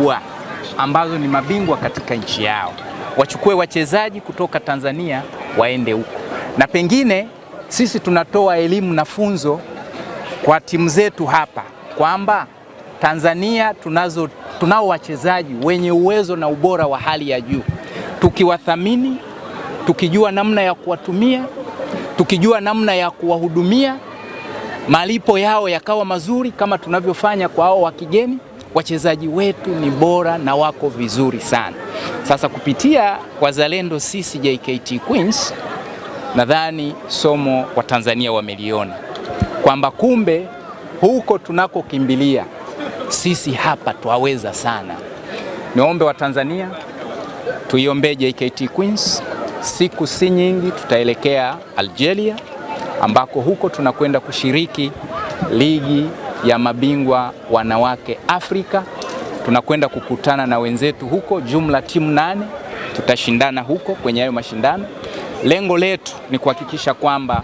kubwa ambazo ni mabingwa katika nchi yao, wachukue wachezaji kutoka Tanzania waende huko, na pengine sisi tunatoa elimu na funzo kwa timu zetu hapa kwamba Tanzania tunazo tunao wachezaji wenye uwezo na ubora wa hali ya juu. Tukiwathamini, tukijua namna ya kuwatumia, tukijua namna ya kuwahudumia, malipo yao yakawa mazuri kama tunavyofanya kwa hao wa kigeni wachezaji wetu ni bora na wako vizuri sana. Sasa kupitia wazalendo sisi JKT Queens, nadhani somo wa Tanzania wameliona kwamba kumbe huko tunakokimbilia sisi hapa twaweza sana. Niombe wa Tanzania tuiombee JKT Queens. Siku si nyingi tutaelekea Algeria ambako huko tunakwenda kushiriki ligi ya mabingwa wanawake Afrika. Tunakwenda kukutana na wenzetu huko, jumla timu nane tutashindana huko kwenye hayo mashindano. Lengo letu ni kuhakikisha kwamba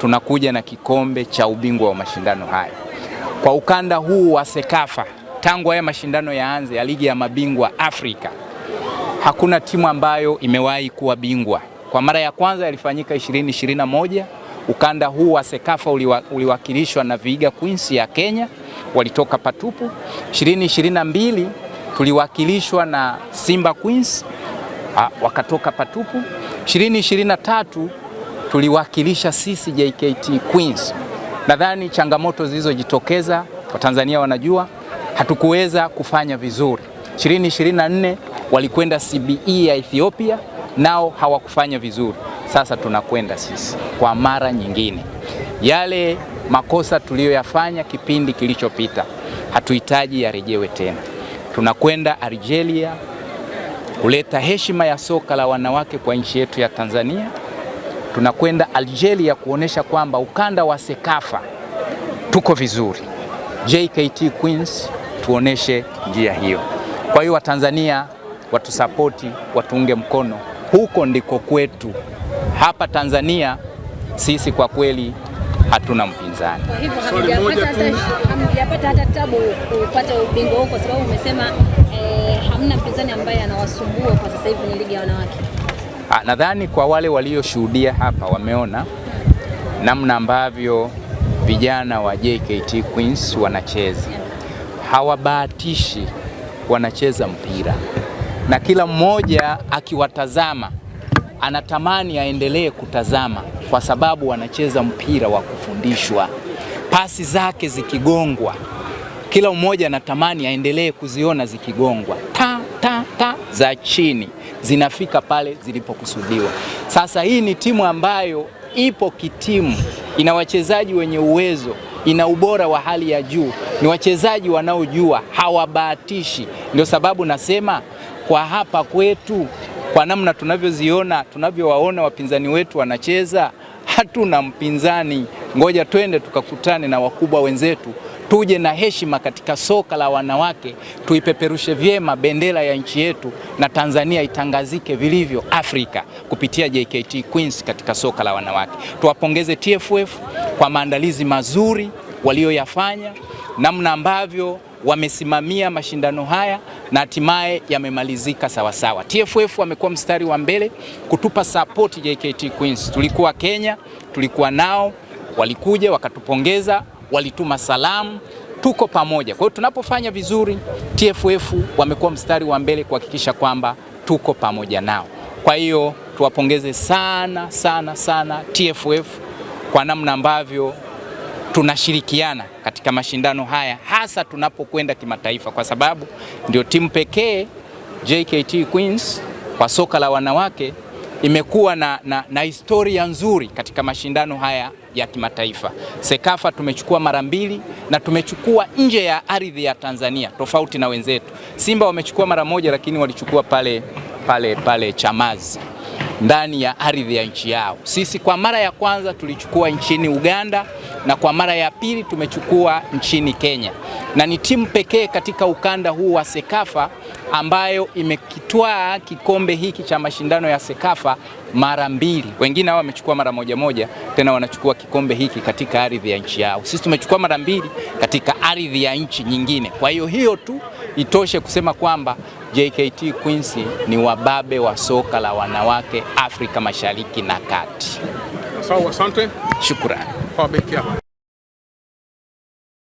tunakuja na kikombe cha ubingwa wa mashindano haya kwa ukanda huu wa Sekafa. Tangu haya mashindano yaanze ya ligi ya mabingwa Afrika, hakuna timu ambayo imewahi kuwa bingwa. Kwa mara ya kwanza yalifanyika 2021 Ukanda huu wa Sekafa uliwa, uliwakilishwa na viga Queens ya Kenya walitoka patupu. 2022 tuliwakilishwa na Simba Queens a, wakatoka patupu. 2023 tuliwakilisha sisi JKT Queens. Nadhani changamoto zilizojitokeza Watanzania wanajua, hatukuweza kufanya vizuri. 2024 walikwenda CBE ya Ethiopia, nao hawakufanya vizuri. Sasa tunakwenda sisi kwa mara nyingine, yale makosa tuliyoyafanya kipindi kilichopita hatuhitaji yarejewe tena. Tunakwenda Algeria kuleta heshima ya soka la wanawake kwa nchi yetu ya Tanzania. Tunakwenda Algeria kuonesha kwamba ukanda wa Sekafa tuko vizuri. JKT Queens tuoneshe njia hiyo. Kwa hiyo Watanzania watusapoti, watuunge mkono, huko ndiko kwetu hapa Tanzania sisi kwa kweli hatuna mpinzani. Kwa hivyo hamjapata hata tabu kupata ubingwa huko, sababu umesema eh, hamna mpinzani ambaye anawasumbua kwa sasa hivi kwenye ligi ya wanawake. Ah, nadhani kwa wale walioshuhudia hapa wameona namna ambavyo vijana wa JKT Queens wanacheza, hawabahatishi, wanacheza mpira na kila mmoja akiwatazama anatamani aendelee kutazama, kwa sababu wanacheza mpira wa kufundishwa. Pasi zake zikigongwa, kila mmoja anatamani aendelee kuziona zikigongwa, ta, ta, ta za chini zinafika pale zilipokusudiwa. Sasa hii ni timu ambayo ipo kitimu, ina wachezaji wenye uwezo, ina ubora wa hali ya juu, ni wachezaji wanaojua, hawabahatishi. Ndio sababu nasema kwa hapa kwetu kwa namna tunavyoziona, tunavyowaona wapinzani wetu wanacheza, hatuna mpinzani. Ngoja twende tukakutane na wakubwa wenzetu, tuje na heshima katika soka la wanawake, tuipeperushe vyema bendera ya nchi yetu na Tanzania itangazike vilivyo Afrika kupitia JKT Queens katika soka la wanawake. Tuwapongeze TFF kwa maandalizi mazuri walioyafanya, namna ambavyo wamesimamia mashindano haya na hatimaye yamemalizika sawasawa. TFF wamekuwa mstari wa mbele kutupa support JKT Queens. Tulikuwa Kenya, tulikuwa nao, walikuja wakatupongeza, walituma salamu, tuko pamoja. Kwa hiyo tunapofanya vizuri, TFF wamekuwa mstari wa mbele kuhakikisha kwamba tuko pamoja nao. Kwa hiyo tuwapongeze sana sana sana TFF kwa namna ambavyo tunashirikiana katika mashindano haya, hasa tunapokwenda kimataifa, kwa sababu ndio timu pekee JKT Queens kwa soka la wanawake imekuwa na, na, na historia nzuri katika mashindano haya ya kimataifa. Sekafa tumechukua mara mbili na tumechukua nje ya ardhi ya Tanzania tofauti na wenzetu. Simba wamechukua mara moja lakini walichukua pale, pale, pale Chamazi ndani ya ardhi ya nchi yao. Sisi kwa mara ya kwanza tulichukua nchini Uganda na kwa mara ya pili tumechukua nchini Kenya, na ni timu pekee katika ukanda huu wa Sekafa ambayo imekitwaa kikombe hiki cha mashindano ya Sekafa mara mbili. Wengine hao wamechukua mara moja moja, tena wanachukua kikombe hiki katika ardhi ya nchi yao. Sisi tumechukua mara mbili katika ardhi ya nchi nyingine. Kwa hiyo hiyo tu itoshe kusema kwamba JKT Queens ni wababe wa soka la wanawake Afrika Mashariki na Kati. Sawa, asante. Shukrani. Robert aqui,